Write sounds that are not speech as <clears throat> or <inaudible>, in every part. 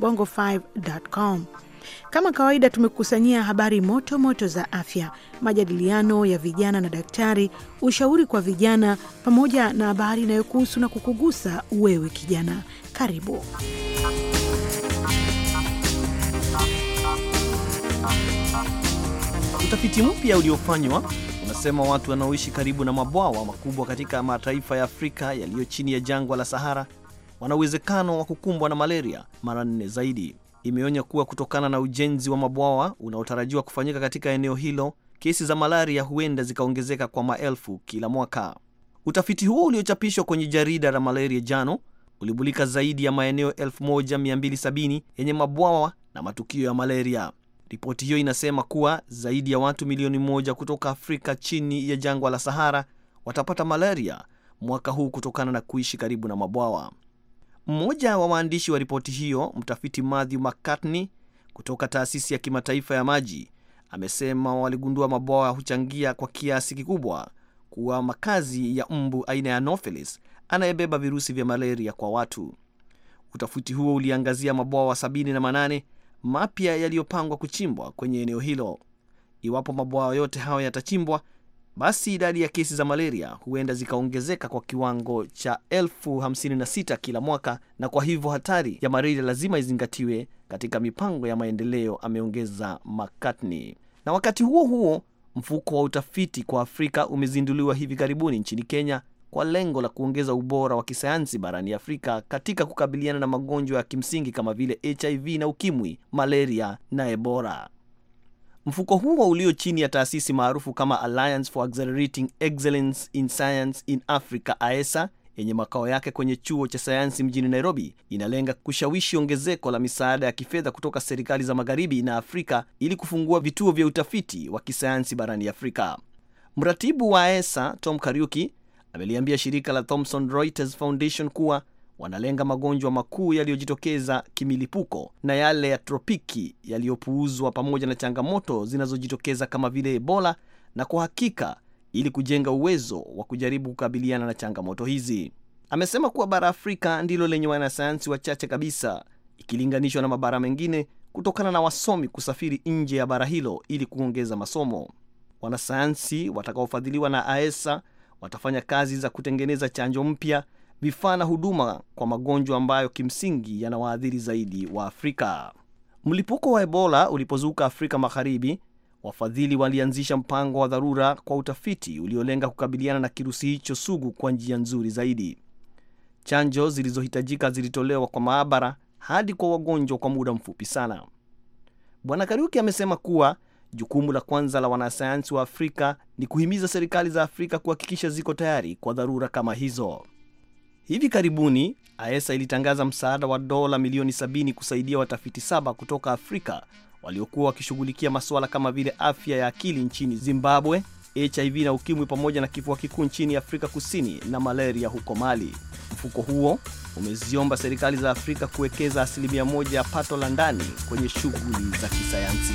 bongo5.com. Kama kawaida tumekusanyia habari moto moto za afya, majadiliano ya vijana na daktari, ushauri kwa vijana, pamoja na habari inayokuhusu na kukugusa wewe kijana. Karibu. Utafiti mpya uliofanywa unasema watu wanaoishi karibu na mabwawa makubwa katika mataifa ya Afrika yaliyo chini ya jangwa la Sahara wana uwezekano wa kukumbwa na malaria mara nne zaidi. Imeonya kuwa kutokana na ujenzi wa mabwawa unaotarajiwa kufanyika katika eneo hilo, kesi za malaria huenda zikaongezeka kwa maelfu kila mwaka. Utafiti huo uliochapishwa kwenye jarida la Malaria jano ulimulika zaidi ya maeneo 1270 yenye mabwawa na matukio ya malaria. Ripoti hiyo inasema kuwa zaidi ya watu milioni moja kutoka Afrika chini ya jangwa la Sahara watapata malaria mwaka huu kutokana na kuishi karibu na mabwawa. Mmoja wa waandishi wa ripoti hiyo, mtafiti Matthew McCartney kutoka taasisi ya kimataifa ya maji, amesema waligundua mabwawa huchangia kwa kiasi kikubwa kuwa makazi ya mbu aina ya Anopheles anayebeba virusi vya malaria kwa watu. Utafiti huo uliangazia mabwawa 78 mapya yaliyopangwa kuchimbwa kwenye eneo hilo. Iwapo mabwawa yote hayo yatachimbwa, basi idadi ya kesi za malaria huenda zikaongezeka kwa kiwango cha elfu kila mwaka, na kwa hivyo hatari ya malaria lazima izingatiwe katika mipango ya maendeleo, ameongeza Makatni. Na wakati huo huo, mfuko wa utafiti kwa Afrika umezinduliwa hivi karibuni nchini Kenya kwa lengo la kuongeza ubora wa kisayansi barani Afrika katika kukabiliana na magonjwa ya kimsingi kama vile HIV na ukimwi, malaria na Ebola. Mfuko huo ulio chini ya taasisi maarufu kama Alliance for Accelerating Excellence in Science in Africa AESA e yenye makao yake kwenye chuo cha sayansi mjini Nairobi inalenga kushawishi ongezeko la misaada ya kifedha kutoka serikali za magharibi na Afrika ili kufungua vituo vya utafiti wa kisayansi barani Afrika. Mratibu wa AESA e Tom Kariuki ameliambia shirika la Thomson Reuters Foundation kuwa wanalenga magonjwa makuu yaliyojitokeza kimilipuko na yale ya tropiki yaliyopuuzwa pamoja na changamoto zinazojitokeza kama vile Ebola na kwa hakika ili kujenga uwezo wa kujaribu kukabiliana na changamoto hizi. Amesema kuwa bara Afrika ndilo lenye wanasayansi wachache kabisa ikilinganishwa na mabara mengine kutokana na wasomi kusafiri nje ya bara hilo ili kuongeza masomo. Wanasayansi watakaofadhiliwa na AESA e watafanya kazi za kutengeneza chanjo mpya vifaa na huduma kwa magonjwa ambayo kimsingi yanawaadhiri zaidi wa Afrika. Mlipuko wa Ebola ulipozuka Afrika Magharibi, wafadhili walianzisha mpango wa dharura kwa utafiti uliolenga kukabiliana na kirusi hicho sugu kwa njia nzuri zaidi. Chanjo zilizohitajika zilitolewa kwa maabara hadi kwa wagonjwa kwa muda mfupi sana. Bwana Kariuki amesema kuwa jukumu la kwanza la wanasayansi wa Afrika ni kuhimiza serikali za Afrika kuhakikisha ziko tayari kwa dharura kama hizo. Hivi karibuni AESA e ilitangaza msaada wa dola milioni 70 kusaidia watafiti saba kutoka Afrika waliokuwa wakishughulikia masuala kama vile afya ya akili nchini Zimbabwe, HIV na ukimwi pamoja na kifua kikuu nchini Afrika Kusini na malaria huko Mali. Mfuko huo umeziomba serikali za Afrika kuwekeza asilimia moja ya pato la ndani kwenye shughuli za kisayansi.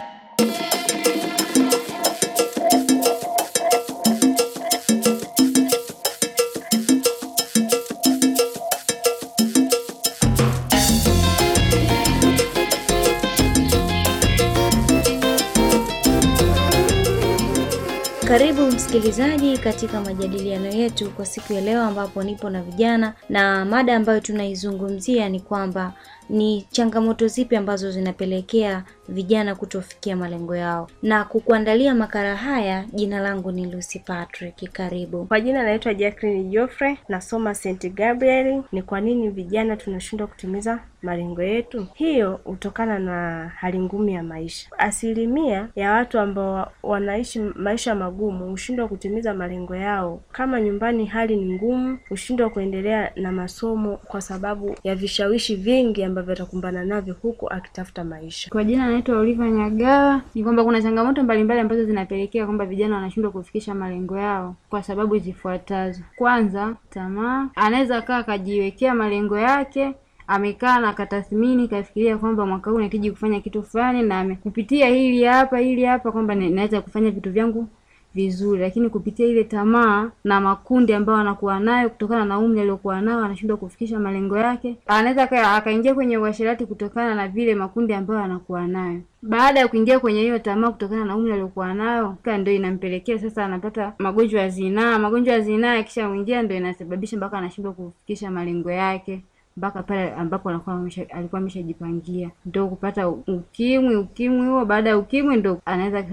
msikilizaji katika majadiliano yetu kwa siku ya leo, ambapo nipo na vijana na mada ambayo tunaizungumzia ni kwamba ni changamoto zipi ambazo zinapelekea vijana kutofikia malengo yao. Na kukuandalia makala haya, jina langu ni Lucy Patrick. Karibu. Kwa jina naitwa Jacqueline Geoffrey, nasoma St Gabriel. Ni kwa nini vijana tunashindwa kutimiza malengo yetu? Hiyo hutokana na hali ngumu ya maisha. Asilimia ya watu ambao wanaishi maisha magumu hushindwa kutimiza malengo yao. Kama nyumbani hali ni ngumu, hushindwa kuendelea na masomo kwa sababu ya vishawishi vingi ambavyo ambavyo atakumbana navyo huku akitafuta maisha. Kwa jina anaitwa Oliva Nyagawa. Ni kwamba kuna changamoto mbalimbali ambazo zinapelekea kwamba vijana wanashindwa kufikisha malengo yao kwa sababu zifuatazo. Kwanza, tamaa. Anaweza kaa akajiwekea malengo yake amekaa na akatathmini kafikiria kwamba mwaka huu nahitaji kufanya kitu fulani, na kupitia hili hapa hili hapa kwamba naweza kufanya vitu vyangu vizuri, lakini kupitia ile tamaa na makundi ambayo anakuwa nayo kutokana na umri aliokuwa nao, anashindwa kufikisha malengo yake. Anaweza akaingia kwenye uasherati kutokana na vile makundi ambayo anakuwa nayo baada ya kuingia kwenye hiyo tamaa kutokana na umri aliokuwa nayo, ndio inampelekea sasa anapata magonjwa ya zinaa. Magonjwa ya zinaa yakishamwingia, ndio inasababisha mpaka anashindwa kufikisha malengo yake mpaka pale ambapo alikuwa ameshajipangia ndo kupata ukimwi. Ukimwi huo baada ya ukimwi ndo anaweza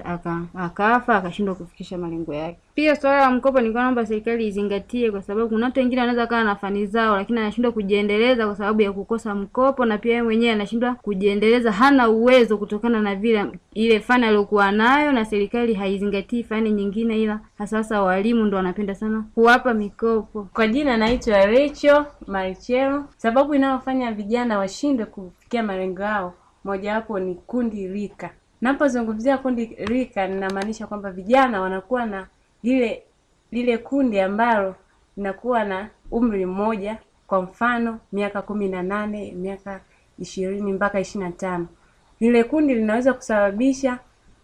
akafa akashindwa kufikisha malengo yake. Pia swala la mkopo ni kwamba serikali izingatie, kwa sababu kuna watu wengine wanaweza kawa na fani zao, lakini anashindwa kujiendeleza kwa sababu ya kukosa mkopo, na pia yeye mwenyewe anashindwa kujiendeleza, hana uwezo kutokana na vile ile fani aliyokuwa nayo, na serikali haizingatii fani nyingine, ila hasahasa walimu ndo wanapenda sana kuwapa mikopo. Kwa jina naitwa Rachel Marichelo. Sababu inayofanya vijana washindwe kufikia malengo yao, mojawapo ni kundi rika. Napozungumzia kundi rika, ninamaanisha kwamba vijana wanakuwa na lile lile kundi ambalo linakuwa na umri mmoja, kwa mfano miaka kumi na nane miaka ishirini mpaka ishirini na tano lile kundi linaweza kusababisha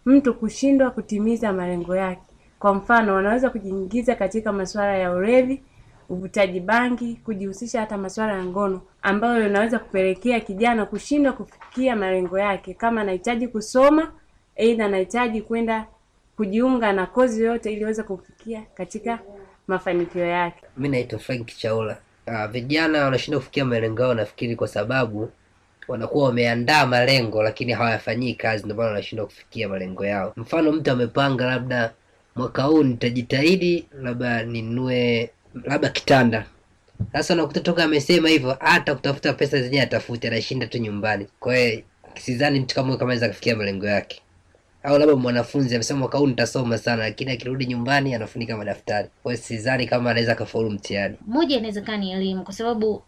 mtu kushindwa kutimiza malengo yake. Kwa mfano, wanaweza kujiingiza katika masuala ya ulevi, uvutaji bangi, kujihusisha hata masuala ya ngono, ambayo yanaweza kupelekea kijana kushindwa kufikia malengo yake, kama anahitaji kusoma, aidha anahitaji kwenda kujiunga na kozi yoyote ili uweze kufikia katika mafanikio yake. Mimi naitwa Frank Chaula. Uh, vijana wanashindwa kufikia malengo yao, nafikiri kwa sababu wanakuwa wameandaa malengo lakini hawayafanyii kazi, ndio maana wanashindwa kufikia malengo yao. Mfano, mtu amepanga labda mwaka huu nitajitahidi, labda ninue labda kitanda. Sasa nakuta toka amesema hivyo, hata kutafuta pesa zenyewe atafute, anashinda tu nyumbani. Kwa hiyo sidhani mtu kama kama anaweza kufikia malengo yake au labda mwanafunzi amesema mwaka huu nitasoma sana, lakini akirudi nyumbani anafunika madaftari. Kwa hiyo sidhani kama anaweza kafaulu mtihani. Moja inawezekana ni elimu, kwa sababu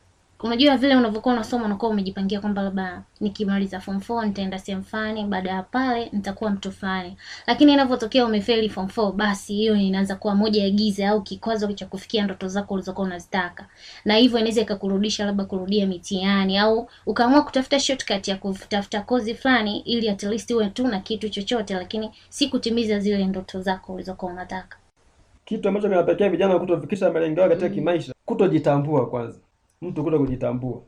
unajua vile unavyokuwa unasoma unakuwa umejipangia kwamba labda nikimaliza form 4 nitaenda sehemu fulani, baada ya pale nitakuwa mtu fulani. Lakini inavyotokea umefeli form 4, basi hiyo inaanza kuwa moja ya giza au kikwazo cha kufikia ndoto zako ulizokuwa unazitaka, na hivyo inaweza ikakurudisha labda kurudia mitihani au ukaamua kutafuta shortcut ya kutafuta kozi fulani, ili at least uwe tu na kitu chochote, lakini si kutimiza zile ndoto zako ulizokuwa unataka. Kitu ambacho kinapelekea vijana kutofikisha malengo yao katika mm, kimaisha, kutojitambua kwanza mtu kuto kujitambua.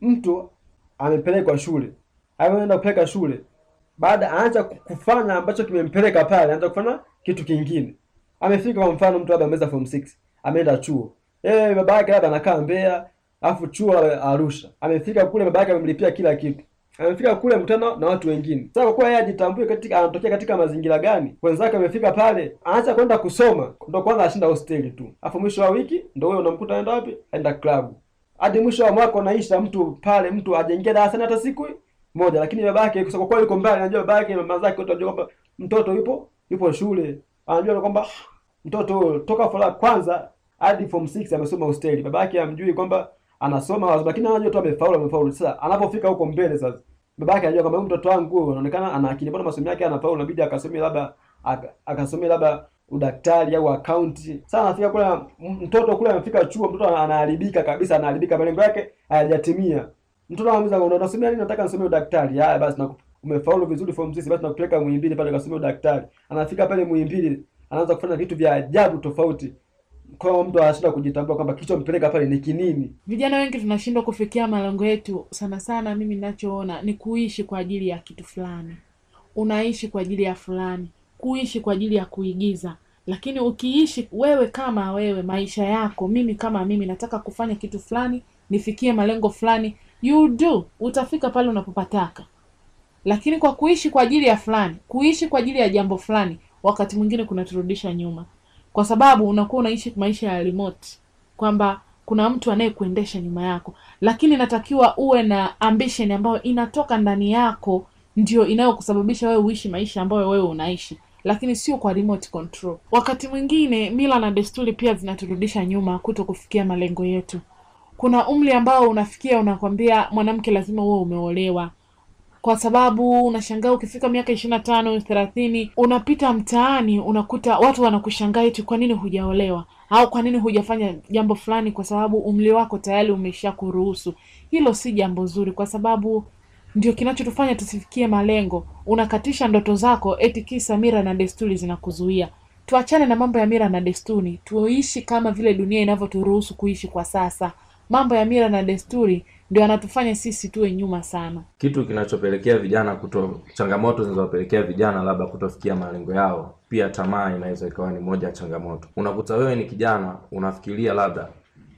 Mtu amepelekwa shule, ameenda kupeleka shule, baada anaanza kufanya ambacho kimempeleka pale, anaanza kufanya kitu kingine. Amefika kwa mfano, mtu labda ameweza form 6 ameenda chuo, eh, baba yake labda anakaa Mbeya afu chuo Arusha. Amefika kule, baba yake amemlipia kila kitu amefika kule mkutano na watu wengine. Sasa kwa kuwa yeye ajitambue katika anatokea katika mazingira gani, wenzake amefika pale, anaanza kwenda kusoma, ndo kwanza ashinda hosteli tu, afu mwisho wa wiki ndo wewe unamkuta aenda wapi? Aenda klabu hadi mwisho wa mwaka unaisha, mtu pale mtu hajaingia darasani hata siku moja, lakini baba yake kwa sababu yuko mbali, anajua baba yake mama zake wote wanajua kwamba mtoto yupo yupo shule, anajua kwamba mtoto toka fara kwanza hadi form 6 amesoma hosteli, baba yake hamjui kwamba anasoma wazo, lakini anajua tu amefaulu, amefaulu. Sasa anapofika huko mbele sasa baba yake anajua kwamba mtoto wangu anaonekana ana akili, mbona masomo yake anafaulu, inabidi akasomea labda akasomea labda udaktari au akaunti. Sasa anafika kule mtoto kule anafika chuo, mtoto anaharibika kabisa, anaharibika, malengo yake hayajatimia. Mtoto anamuuliza unasomea nini? Nataka nisomee udaktari. Haya basi, na umefaulu vizuri form 6, basi nakupeleka Muhimbili pale ukasomea udaktari. Anafika pale Muhimbili, anaanza kufanya vitu vya ajabu tofauti kwa mtu anashindwa kujitambua kwamba kicho mpeleka pale ni kinini. Vijana wengi tunashindwa kufikia malengo yetu, sana sana mimi ninachoona ni kuishi kwa ajili ya kitu fulani, unaishi kwa ajili ya fulani kuishi kwa ajili ya kuigiza lakini ukiishi wewe kama wewe maisha yako, mimi kama mimi, nataka kufanya kitu fulani, nifikie malengo fulani, you do, utafika pale unapopataka. Lakini kwa kuishi kwa ajili ya fulani, kuishi kwa ajili ya jambo fulani, wakati mwingine kunaturudisha nyuma, kwa sababu unakuwa unaishi maisha ya remote, kwamba kuna mtu anayekuendesha nyuma yako, lakini natakiwa uwe na ambition ambayo inatoka ndani yako, ndio inayokusababisha wewe uishi maisha ambayo wewe unaishi lakini sio kwa remote control. Wakati mwingine mila na desturi pia zinaturudisha nyuma kuto kufikia malengo yetu. Kuna umri ambao unafikia unakwambia mwanamke lazima uwe umeolewa, kwa sababu unashangaa ukifika miaka ishirini na tano thelathini unapita mtaani unakuta watu wanakushangaa eti kwa nini hujaolewa au kwa nini hujafanya jambo fulani, kwa sababu umri wako tayari umesha kuruhusu. Hilo si jambo zuri, kwa sababu ndio kinachotufanya tusifikie malengo. Unakatisha ndoto zako eti kisa mira na desturi zinakuzuia. Tuachane na mambo ya mira na desturi, tuishi kama vile dunia inavyoturuhusu kuishi kwa sasa. Mambo ya mira na desturi ndio anatufanya sisi tuwe nyuma sana. Kitu kinachopelekea vijana kuto, changamoto zinazowapelekea vijana labda kutofikia malengo yao, pia tamaa inaweza ikawa ni moja ya changamoto. Unakuta wewe ni kijana unafikiria labda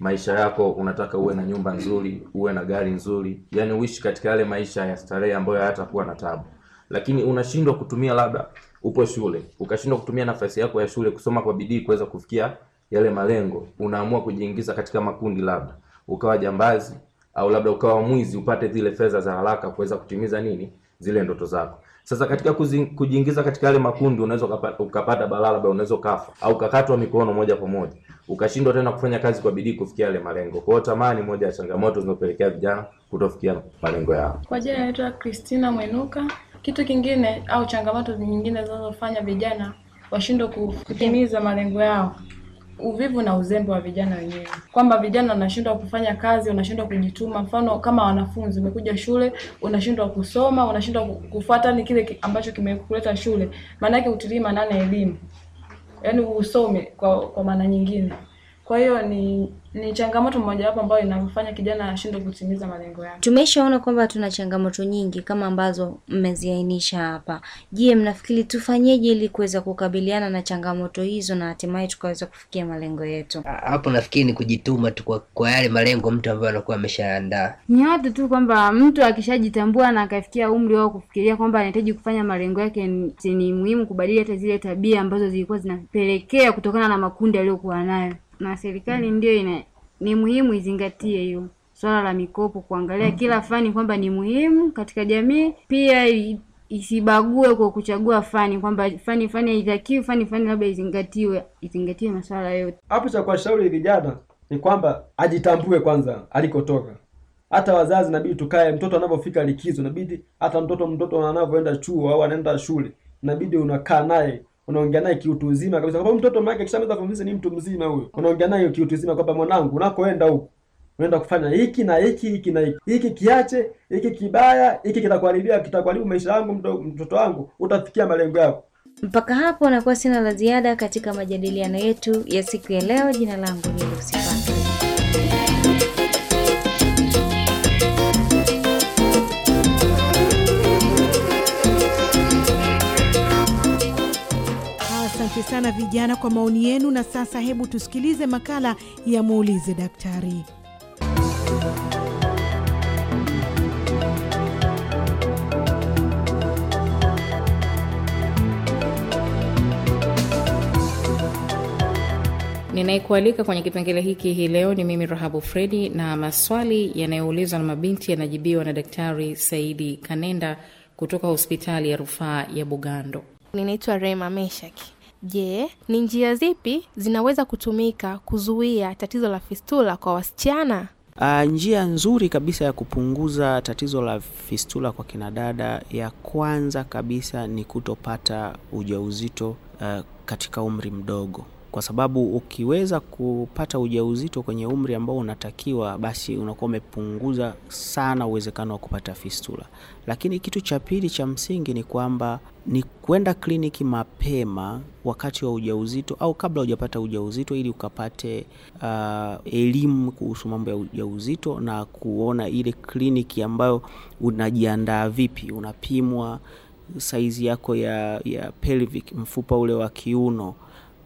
maisha yako unataka uwe na nyumba nzuri, uwe na gari nzuri, yani uishi katika yale maisha ya starehe ambayo hayatakuwa na tabu, lakini unashindwa kutumia, labda upo shule ukashindwa kutumia nafasi yako ya shule kusoma kwa bidii kuweza kufikia yale malengo, unaamua kujiingiza katika makundi, labda ukawa jambazi au labda ukawa mwizi, upate zile fedha za haraka kuweza kutimiza nini zile ndoto zako. Sasa katika kujiingiza katika yale makundi, unaweza ukapata balaa, labda unaweza ukafa au kakatwa mikono moja kwa moja, ukashindwa tena kufanya kazi kwa bidii kufikia yale malengo. Kwa hiyo moja ya changamoto zinazopelekea vijana kutofikia malengo yao. Kwa jina naitwa kristina Mwenuka. Kitu kingine au changamoto nyingine zinazofanya vijana washindwe kutimiza malengo yao uvivu na uzembe wa vijana wenyewe, kwamba vijana wanashindwa kufanya kazi, wanashindwa kujituma. Mfano kama wanafunzi, umekuja shule unashindwa kusoma, unashindwa kufuata ni kile ambacho kimekuleta shule, maana yake utilii maanane elimu, yaani usome kwa, kwa maana nyingine kwa hiyo ni ni changamoto mojawapo ambayo inamfanya kijana anashindwa kutimiza malengo yake. Tumeshaona kwamba tuna changamoto nyingi kama ambazo mmeziainisha hapa. Je, mnafikiri tufanyeje ili kuweza kukabiliana na changamoto hizo na hatimaye tukaweza kufikia malengo yetu? Hapo nafikiri ni kujituma tu kwa, kwa yale malengo mtu ambaye anakuwa ameshaandaa. Ni watu tu kwamba mtu akishajitambua na akafikia umri wao kufikiria kwamba anahitaji kufanya malengo yake, ni muhimu kubadili hata zile tabia ambazo zilikuwa zinapelekea kutokana na makundi aliyokuwa nayo na serikali mm. ndio ina ni muhimu izingatie hiyo swala la mikopo, kuangalia mm. kila fani kwamba ni muhimu katika jamii, pia isibague kwa kuchagua fani kwamba fani fani haitakiwi, fani fani labda izingatiwe, izingatiwe masuala yote. Hapo cha kuwashauri vijana ni kwamba ajitambue kwanza alikotoka. Hata wazazi nabidi tukae, mtoto anapofika likizo nabidi hata mtoto mtoto anavyoenda chuo au anaenda shule nabidi unakaa naye unaongea naye kiutu uzima kabisa, kwa mtoto mama yake akishamaliza form ni mtu mzima huyo. Unaongea naye kiutu uzima kwamba mwanangu, unakoenda huko unaenda kufanya hiki na hiki hiki na hiki hiki, kiache hiki kibaya, hiki kitakuharibia, kitakuharibu maisha yangu, mtoto wangu, utafikia malengo yako. Mpaka hapo nakuwa sina la ziada katika majadiliano yetu ya siku ya leo. Jina langu ni Lucy. Asante sana vijana kwa maoni yenu. Na sasa hebu tusikilize makala ya muulize daktari. Ninayekualika kwenye kipengele hiki hii leo ni mimi Rahabu Fredi, na maswali yanayoulizwa na mabinti yanajibiwa na Daktari Saidi Kanenda kutoka hospitali ya rufaa ya Bugando. Ninaitwa Rema Meshaki. Je, ni njia zipi zinaweza kutumika kuzuia tatizo la fistula kwa wasichana? Uh, njia nzuri kabisa ya kupunguza tatizo la fistula kwa kinadada, ya kwanza kabisa ni kutopata ujauzito uh, katika umri mdogo kwa sababu ukiweza kupata ujauzito kwenye umri ambao unatakiwa, basi unakuwa umepunguza sana uwezekano wa kupata fistula. Lakini kitu cha pili cha msingi ni kwamba ni kwenda kliniki mapema wakati wa ujauzito au kabla hujapata ujauzito, ili ukapate uh, elimu kuhusu mambo ya ujauzito na kuona ile kliniki ambayo unajiandaa vipi, unapimwa saizi yako ya, ya pelvic, mfupa ule wa kiuno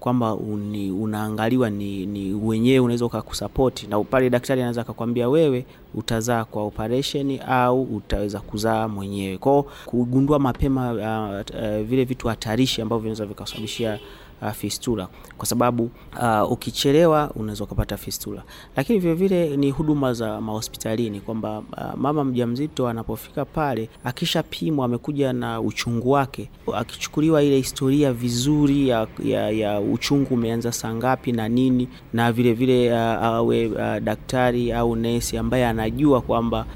kwamba uni, unaangaliwa ni, ni wenyewe unaweza ukakusapoti, na pale daktari anaweza akakwambia wewe utazaa kwa operesheni au utaweza kuzaa mwenyewe. Kwao kugundua mapema uh, uh, vile vitu hatarishi ambavyo vinaweza vikasababishia uh, fistula kwa sababu uh, ukichelewa unaweza kupata fistula. Lakini vile vile ni huduma za mahospitalini kwamba uh, mama mjamzito anapofika pale akishapimwa, amekuja na uchungu wake, akichukuliwa ile historia vizuri ya, ya, ya uchungu umeanza saa ngapi na nini, na vile vile uh, awe uh, daktari au nesi ambaye anajua kwamba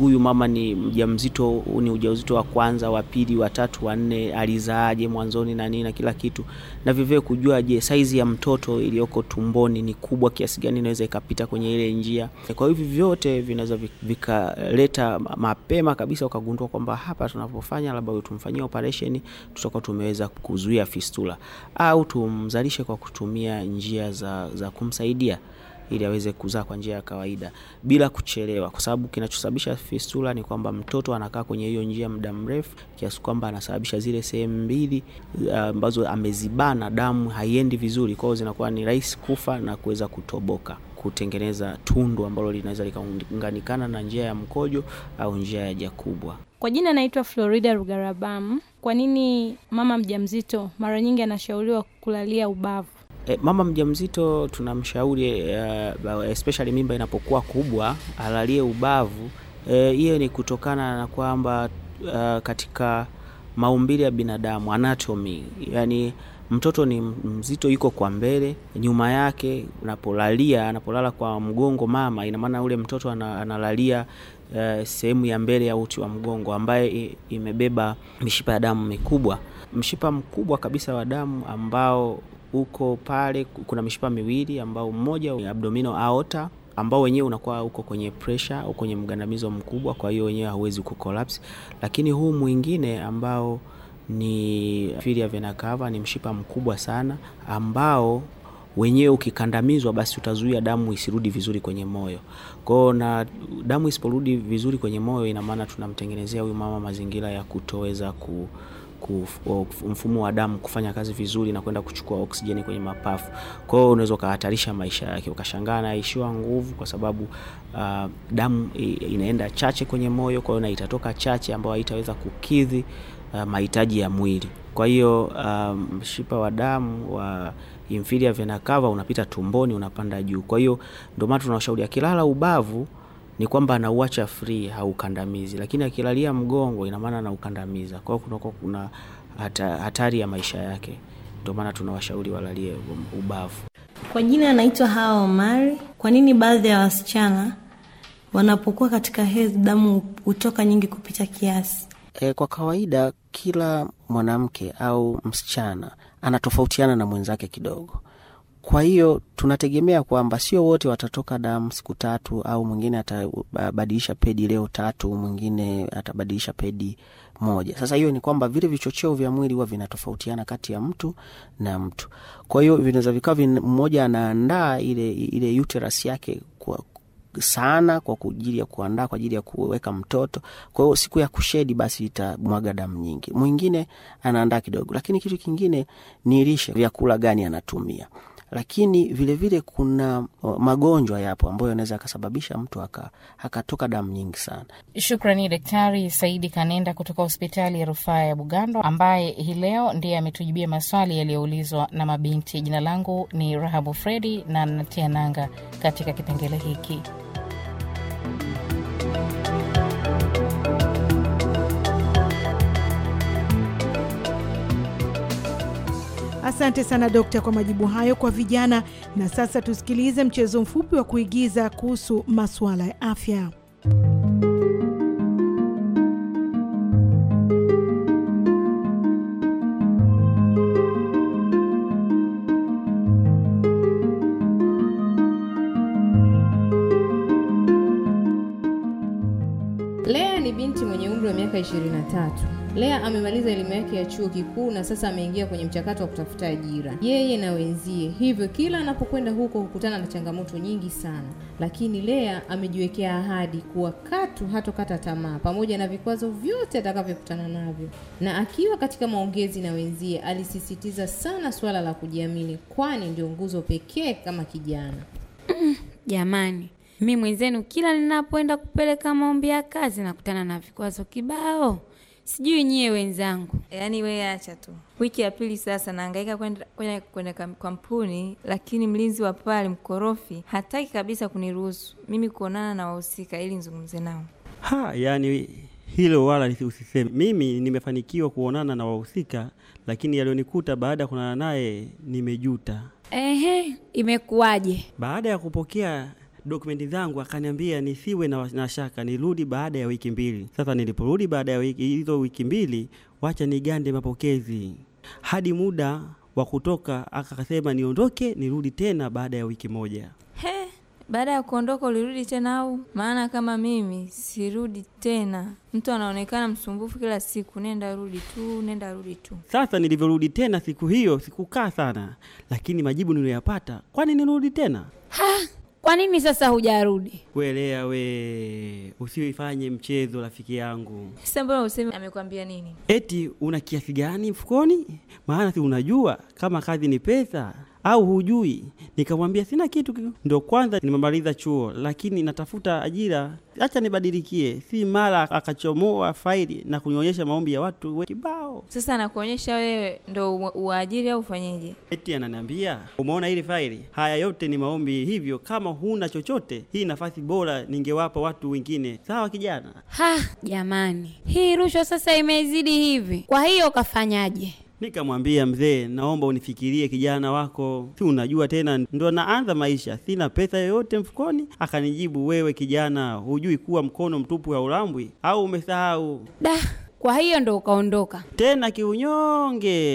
huyu uh, mama ni mjamzito, ni ujauzito wa kwanza, wa pili, wa tatu, wa nne, alizaaje mwanzoni na nini na kila kitu na vivyo kujua, je, saizi ya mtoto iliyoko tumboni ni kubwa kiasi gani, inaweza ikapita kwenye ile njia. Kwa hivyo vyote vinaweza vikaleta mapema kabisa ukagundua kwamba hapa tunapofanya labda tumfanyia operation tutakuwa tumeweza kuzuia fistula, au tumzalishe kwa kutumia njia za, za kumsaidia ili aweze kuzaa kwa njia ya kawaida bila kuchelewa, kwa sababu kinachosababisha fistula ni kwamba mtoto anakaa kwenye hiyo njia muda mrefu kiasi kwamba anasababisha zile sehemu mbili eh, ambazo amezibana, damu haiendi vizuri, kwao zinakuwa ni rahisi kufa na kuweza kutoboka kutengeneza tundu ambalo linaweza likaunganikana na njia ya mkojo au njia ya haja kubwa. Kwa jina naitwa Florida Rugarabamu. Kwa nini mama mjamzito mara nyingi anashauriwa kulalia ubavu? E, mama mjamzito tunamshauri uh, especially mimba inapokuwa kubwa alalie ubavu. Hiyo e, ni kutokana na kwamba uh, katika maumbile ya binadamu anatomy, yani mtoto ni mzito, yuko kwa mbele, nyuma yake unapolalia, anapolala kwa mgongo mama, ina maana ule mtoto analalia Uh, sehemu ya mbele ya uti wa mgongo ambaye imebeba mishipa ya damu mikubwa. Mshipa mkubwa kabisa wa damu ambao uko pale, kuna mishipa miwili ambao mmoja ni abdominal aorta ambao wenyewe unakuwa uko kwenye pressure au kwenye mgandamizo mkubwa, kwa hiyo wenyewe hauwezi collapse. lakini huu mwingine ambao ni filia vena cava ni mshipa mkubwa sana ambao wenyewe ukikandamizwa basi utazuia damu isirudi vizuri kwenye moyo. Kwa na damu isiporudi vizuri kwenye moyo, ina maana tunamtengenezea huyu mama mazingira ya kutoweza ku mfumo wa damu kufanya kazi vizuri na kwenda kuchukua oksijeni kwenye mapafu. Kwa hiyo unaweza ukahatarisha maisha yake, ukashangaa anaishiwa nguvu kwa sababu uh, damu inaenda chache kwenye moyo, kwa hiyo na itatoka chache ambayo haitaweza kukidhi uh, mahitaji ya mwili. Kwa hiyo ah, mshipa um, wa damu wa inferior vena cava unapita tumboni, unapanda juu. Kwa hiyo ndio maana tunawashauria kilala ubavu ni kwamba anauacha free, haukandamizi, lakini akilalia mgongo, ina maana anaukandamiza. Kwa hiyo kunakuwa kuna hatari ya maisha yake. Ndio maana tunawashauri walalie ubavu. Kwa jina anaitwa Hawa Omari. Kwa nini baadhi ya wasichana wanapokuwa katika hedhi damu hutoka nyingi kupita kiasi? E, kwa kawaida kila mwanamke au msichana anatofautiana na mwenzake kidogo kwa hiyo tunategemea kwamba sio wote watatoka damu siku tatu, au mwingine atabadilisha pedi leo tatu, mwingine atabadilisha pedi moja. Sasa hiyo ni kwamba vile vichocheo vya mwili huwa vinatofautiana kati ya mtu na mtu. Kwa hiyo vinaweza vikawa mmoja anaandaa ile, ile uterus yake kwa sana kwa ajili ya kuandaa kwa ajili ya kuweka mtoto. Kwa hiyo siku ya kushedi basi itamwaga damu nyingi, mwingine anaandaa kidogo. Lakini kitu kingine ni lishe, vyakula gani anatumia lakini vilevile vile kuna uh, magonjwa yapo ambayo yanaweza akasababisha mtu akatoka damu nyingi sana. Shukrani Daktari Saidi Kanenda kutoka hospitali ya rufaa ya Bugando, ambaye hii leo ndiye ametujibia maswali yaliyoulizwa na mabinti. Jina langu ni Rahabu Fredi na natia nanga katika kipengele hiki. Asante sana dokta kwa majibu hayo kwa vijana. Na sasa tusikilize mchezo mfupi wa kuigiza kuhusu masuala ya afya. Lea ni binti mwenye umri wa miaka 23. Lea amemaliza elimu yake ya chuo kikuu na sasa ameingia kwenye mchakato wa kutafuta ajira yeye na wenzie, hivyo kila anapokwenda huko hukutana na changamoto nyingi sana, lakini Lea amejiwekea ahadi kuwa katu hatokata tamaa pamoja na vikwazo vyote atakavyokutana navyo. Na akiwa katika maongezi na wenzie, alisisitiza sana suala la kujiamini, kwani ndio nguzo pekee kama kijana. <clears throat> Jamani, mi mwenzenu, kila ninapoenda kupeleka maombi ya kazi nakutana na vikwazo kibao. Sijui nyie wenzangu, yaani we acha tu. Wiki ya pili sasa naangaika kwenda kwenda kampuni, lakini mlinzi wa pale mkorofi hataki kabisa kuniruhusu mimi kuonana na wahusika ili nizungumze nao. Ha, yani hilo wala usiseme. Mimi nimefanikiwa kuonana na wahusika, lakini yalionikuta baada ya kuonana naye nimejuta. Ehe, imekuwaje? Baada ya kupokea dokumenti zangu, akaniambia nisiwe na, na shaka nirudi baada ya wiki mbili. Sasa niliporudi baada ya wiki, hizo wiki mbili, wacha nigande mapokezi hadi muda wa kutoka, akasema niondoke nirudi tena baada ya wiki moja. He, baada ya kuondoka ulirudi tena au? Maana kama mimi sirudi tena, mtu anaonekana msumbufu kila siku, nenda rudi tu, nenda rudi tu. Sasa nilivyorudi tena siku hiyo sikukaa sana, lakini majibu niliyoyapata, kwani nirudi tena ha! Kwa nini sasa hujarudi? kuelea we, usiifanye mchezo rafiki yangu. Sasa mbona useme amekwambia nini? Eti una kiasi gani mfukoni? Maana si unajua kama kazi ni pesa au hujui? Nikamwambia sina kitu, ndo kwanza nimemaliza chuo, lakini natafuta ajira, hacha nibadilikie. Si mara akachomoa faili na kunionyesha maombi ya watu we, kibao. Sasa nakuonyesha wewe ndo uajiri au ufanyeje? Eti ananiambia umeona hili faili, haya yote ni maombi, hivyo kama huna chochote, hii nafasi bora ningewapa watu wengine. Sawa kijana. Ha jamani, hii rushwa sasa imezidi hivi. Kwa hiyo ukafanyaje? Nikamwambia, mzee, naomba unifikirie kijana wako, si unajua tena ndo naanza maisha, sina pesa yoyote mfukoni. Akanijibu, wewe kijana, hujui kuwa mkono mtupu haulambwi au umesahau? Da, kwa hiyo ndo ukaondoka tena kiunyonge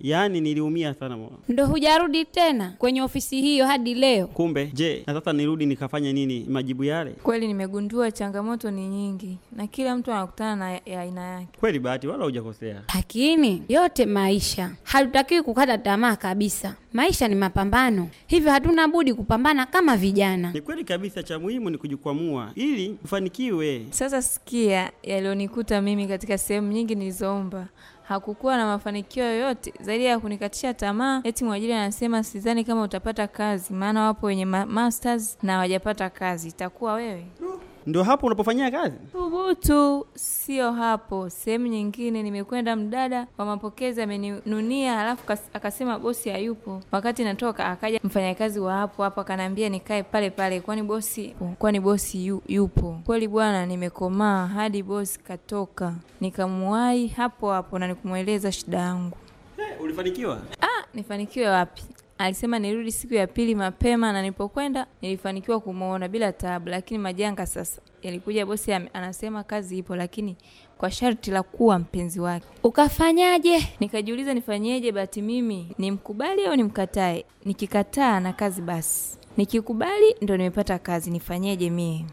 yaani niliumia sana mwana. Ndo hujarudi tena kwenye ofisi hiyo hadi leo? Kumbe je, na sasa nirudi nikafanye nini? Majibu yale kweli, nimegundua changamoto ni nyingi na kila mtu anakutana na ya aina yake. Kweli Bahati, wala hujakosea, lakini yote maisha, hatutakiwi kukata tamaa kabisa. Maisha ni mapambano, hivyo hatuna budi kupambana kama vijana. Ni kweli kabisa, cha muhimu ni kujikwamua ili ufanikiwe. Sasa sikia yaliyonikuta mimi katika sehemu nyingi nilizoomba hakukuwa na mafanikio yoyote zaidi ya kunikatisha tamaa, eti mwajiri anasema sidhani kama utapata kazi, maana wapo wenye ma masters na hawajapata kazi, itakuwa wewe ndio hapo unapofanyia kazi ubutu Sio hapo, sehemu nyingine. Nimekwenda mdada wa mapokezi ameninunia, halafu akasema bosi hayupo. Wakati natoka, akaja mfanyakazi wa hapo hapo akanaambia nikae pale pale, kwani bosi kwani bosi yu, yupo kweli. Bwana, nimekomaa hadi bosi katoka, nikamuwai hapo hapo na nikumweleza shida yangu. Hey, eh, ulifanikiwa? Ah, nifanikiwe wapi? Alisema nirudi siku ya pili mapema, na nilipokwenda nilifanikiwa kumwona bila taabu. Lakini majanga sasa yalikuja. Bosi ya, anasema kazi ipo, lakini kwa sharti la kuwa mpenzi wake. Ukafanyaje? Nikajiuliza nifanyeje? Bahati mimi nimkubali au nimkatae? Nikikataa na kazi basi, nikikubali ndo nimepata kazi. Nifanyeje mie?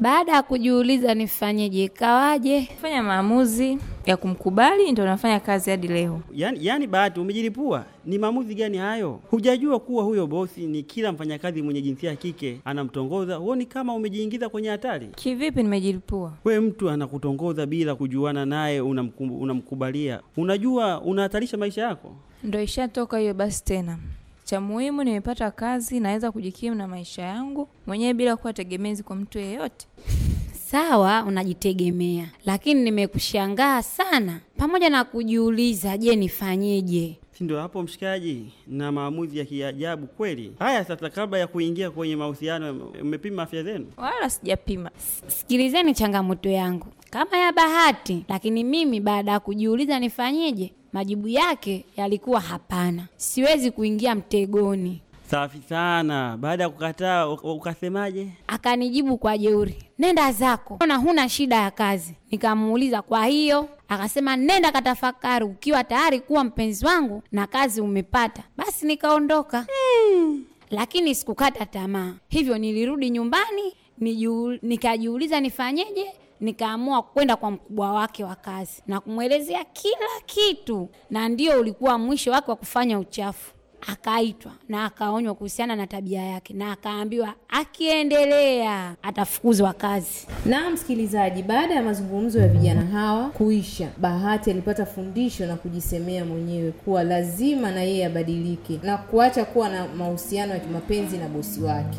Baada ya kujiuliza nifanyeje, ikawaje, fanya maamuzi ya kumkubali, ndio nafanya kazi hadi leo. Yani, yani Bahati, umejilipua. Ni maamuzi gani hayo? Hujajua kuwa huyo bosi ni kila mfanyakazi mwenye jinsia ya kike anamtongoza? Huoni kama umejiingiza kwenye hatari? Kivipi nimejilipua? We, mtu anakutongoza bila kujuana naye, unamkubalia, unajua unahatarisha maisha yako. Ndo ishatoka hiyo basi tena cha muhimu nimepata kazi, naweza kujikimu na maisha yangu mwenyewe bila kuwa tegemezi kwa mtu yeyote. Sawa, unajitegemea, lakini nimekushangaa sana, pamoja na kujiuliza, je, nifanyeje? sindo hapo mshikaji, na maamuzi ya kiajabu kweli. Haya sasa, kabla ya kuingia kwenye mahusiano, umepima afya zenu? Wala sijapima. Sikilizeni changamoto yangu kama ya Bahati, lakini mimi baada ya kujiuliza nifanyeje, majibu yake yalikuwa hapana, siwezi kuingia mtegoni. Safi sana. Baada ya kukataa ukasemaje? Akanijibu kwa jeuri, nenda zako, ona huna shida ya kazi. Nikamuuliza kwa hiyo? Akasema nenda katafakari, ukiwa tayari kuwa mpenzi wangu na kazi umepata basi. Nikaondoka hmm. Lakini sikukata tamaa, hivyo nilirudi nyumbani niju, nikajiuliza nifanyeje nikaamua kwenda kwa mkubwa wake wa kazi na kumwelezea kila kitu, na ndio ulikuwa mwisho wake wa kufanya uchafu. Akaitwa na akaonywa kuhusiana na tabia yake na akaambiwa akiendelea atafukuzwa kazi. Na msikilizaji, baada ya mazungumzo ya vijana hawa kuisha, Bahati alipata fundisho na kujisemea mwenyewe kuwa lazima na yeye abadilike na kuacha kuwa na mahusiano ya kimapenzi na bosi wake.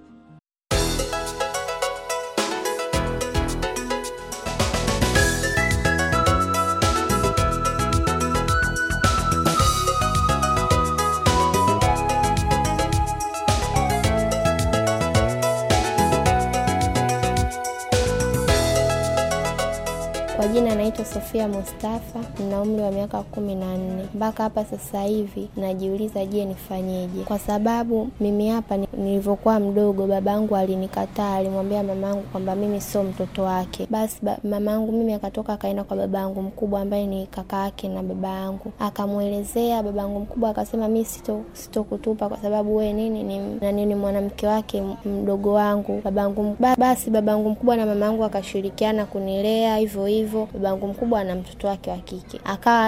Sofia Mustafa na umri wa miaka kumi na nne. Mpaka hapa sasa hivi najiuliza, je, nifanyeje? Kwa sababu mimi hapa nilivyokuwa mdogo, babangu alinikataa, alimwambia mamangu kwamba mimi sio mtoto wake. Basi ba, mamangu mimi akatoka akaenda kwa babangu mkubwa ambaye ni kaka yake na baba yangu, akamwelezea. Babangu mkubwa akasema, mi sitokutupa sito kwa sababu we nini ni, na nini mwanamke wake mdogo wangu babangu. Basi babangu mkubwa na mamangu akashirikiana kunilea hivyo hivyo, babangu mkubwa na mtoto wake wa kike, akawa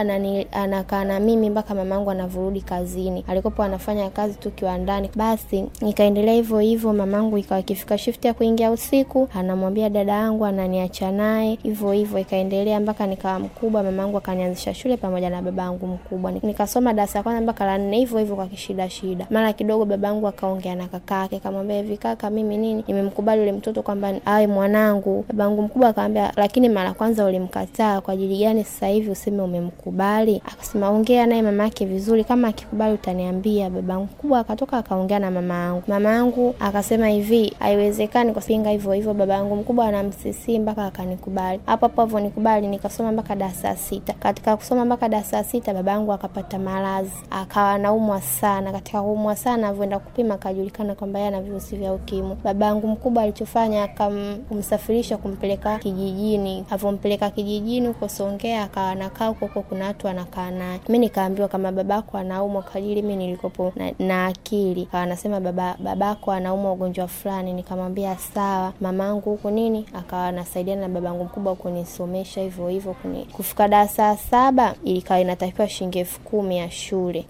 anakaa na mimi mpaka mamaangu anavurudi kazini, alikopo anafanya kazi tu kiwandani. Basi nikaendelea hivyo hivyo, mamaangu ikawa ikifika shift ya kuingia usiku, anamwambia dada yangu ananiacha naye, hivyo hivyo ikaendelea mpaka nikawa mkubwa. mamaangu akanianzisha shule pamoja na yangu mkubwa, nikasoma darasa la kwanza mpaka la nne, hivyo hivyo kwa kishida shida. Mara kidogo yangu akaongea na kakake, akamwambia hivi, kaka, mimi nini, nimemkubali ule mtoto kwamba awe mwanangu. Babangu mkubwa akamwambia, lakini mara kwanza ulimkataa kwa ajili staili gani sasa hivi useme umemkubali? Akasema ongea naye mama yake vizuri, kama akikubali utaniambia. Baba mkubwa akatoka akaongea na mama yangu, mama yangu akasema hivi, haiwezekani kupinga hivyo hivyo. Baba yangu mkubwa anamsisii mpaka akanikubali, hapo hapo hivyo nikubali, nikasoma mpaka darasa la sita. Katika kusoma mpaka darasa la sita, baba yangu akapata maradhi, akawa naumwa sana. Katika kuumwa sana, avyoenda kupima akajulikana kwamba yeye ana virusi vya ukimwi. Baba yangu mkubwa alichofanya akamsafirisha kumpeleka kijijini, avyompeleka kijijini huko Songea, akawa nakaa huko huko, kuna watu anakaa naye. Mi nikaambiwa kama babako anaumwa, kajili mi nilikopo na, na akili akawa anasema baba, babako anaumwa ugonjwa fulani. Nikamwambia sawa, mamangu huku nini, akawa anasaidiana na babangu mkubwa kunisomesha hivyo hivyo. kuni Kufika darasa saba ilikawa inatakiwa shilingi elfu kumi ya shule,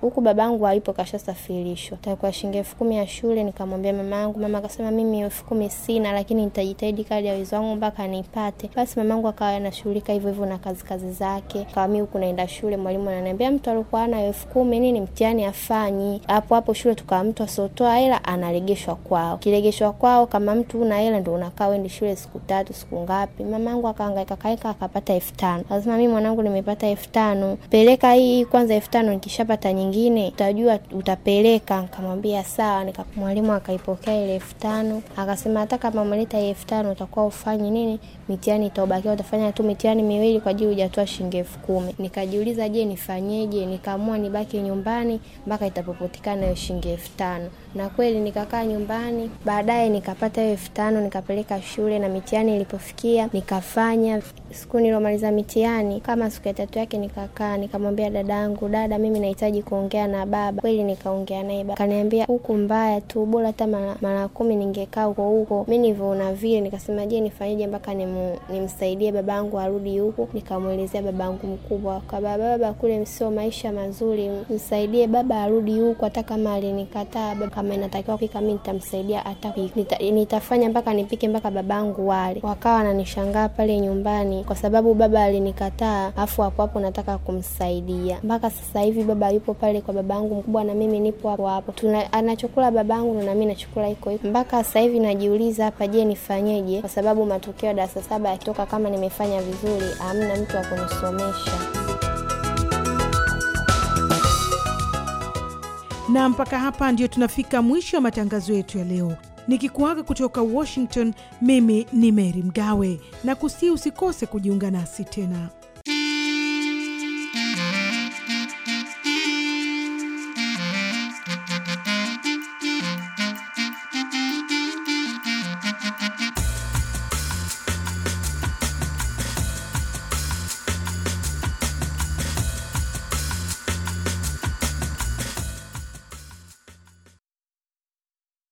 huku babangu alipo kashasafirishwa, takiwa shilingi elfu kumi ya shule. Nikamwambia mamangu, mama akasema mimi elfu kumi sina, lakini nitajitahidi kadi ya uwezo wangu mpaka nipate. Basi mamangu akawa anashughulika hivyo hivyo na kazi kazi zake. Kama mimi huku naenda shule, mwalimu ananiambia mtu alikuwa ana elfu kumi nini mtihani afanyi hapo hapo shule, tukawa mtu asiotoa hela analegeshwa kwao. Kilegeshwa kwao, kama mtu una hela ndio unakaa wendi shule siku tatu siku ngapi. Mamangu akahangaika kaika akapata elfu tano lazima mimi mwanangu nimepata elfu tano peleka hii kwanza elfu tano nikishapata nyingine utajua utapeleka. Nikamwambia sawa, nika mwalimu akaipokea ile elfu tano akasema hata kama umeleta elfu tano utakuwa ufanyi nini mitihani, itabakia utafanya tu mitihani miwili miwili kwa ajili hujatoa shilingi elfu kumi. Nikajiuliza, je, nifanyeje? Nikaamua nibaki nyumbani mpaka itapopatikana hiyo shilingi elfu tano na kweli nikakaa nyumbani. Baadaye nikapata hiyo elfu tano nikapeleka shule, na mitihani ilipofikia nikafanya. Siku niliomaliza mitihani kama siku ya tatu yake, nikakaa nikamwambia dada yangu, dada, mimi nahitaji kuongea na baba. Kweli nikaongea naye, kaniambia huku mbaya tu, bora hata mara kumi ningekaa huko huko. Mi nivyoona vile, nikasema je, nifanyeje mpaka nimsaidie babangu arudi huko yangu, nikamwelezea babangu mkubwa, kwamba baba, kule sio maisha mazuri, msaidie baba arudi huku, hata kama alinikataa baba, kama inatakiwa kupika mimi nitamsaidia, hata nita, nitafanya mpaka nipike mpaka babangu wale. Wakawa wananishangaa pale nyumbani kwa sababu baba alinikataa, afu hapo hapo nataka kumsaidia. Mpaka sasa hivi baba yupo pale kwa babangu mkubwa na mimi nipo hapo hapo, anachukula babangu na mimi nachukula iko hiko. Mpaka sasa hivi najiuliza hapa, je, nifanyeje? Kwa sababu matokeo ya darasa saba yakitoka kama nimefanya vizuri hamna mtu wa kunisomesha. Na mpaka hapa ndio tunafika mwisho wa matangazo yetu ya leo, nikikuaga kutoka Washington. Mimi ni mery Mgawe na kusii, usikose kujiunga nasi tena.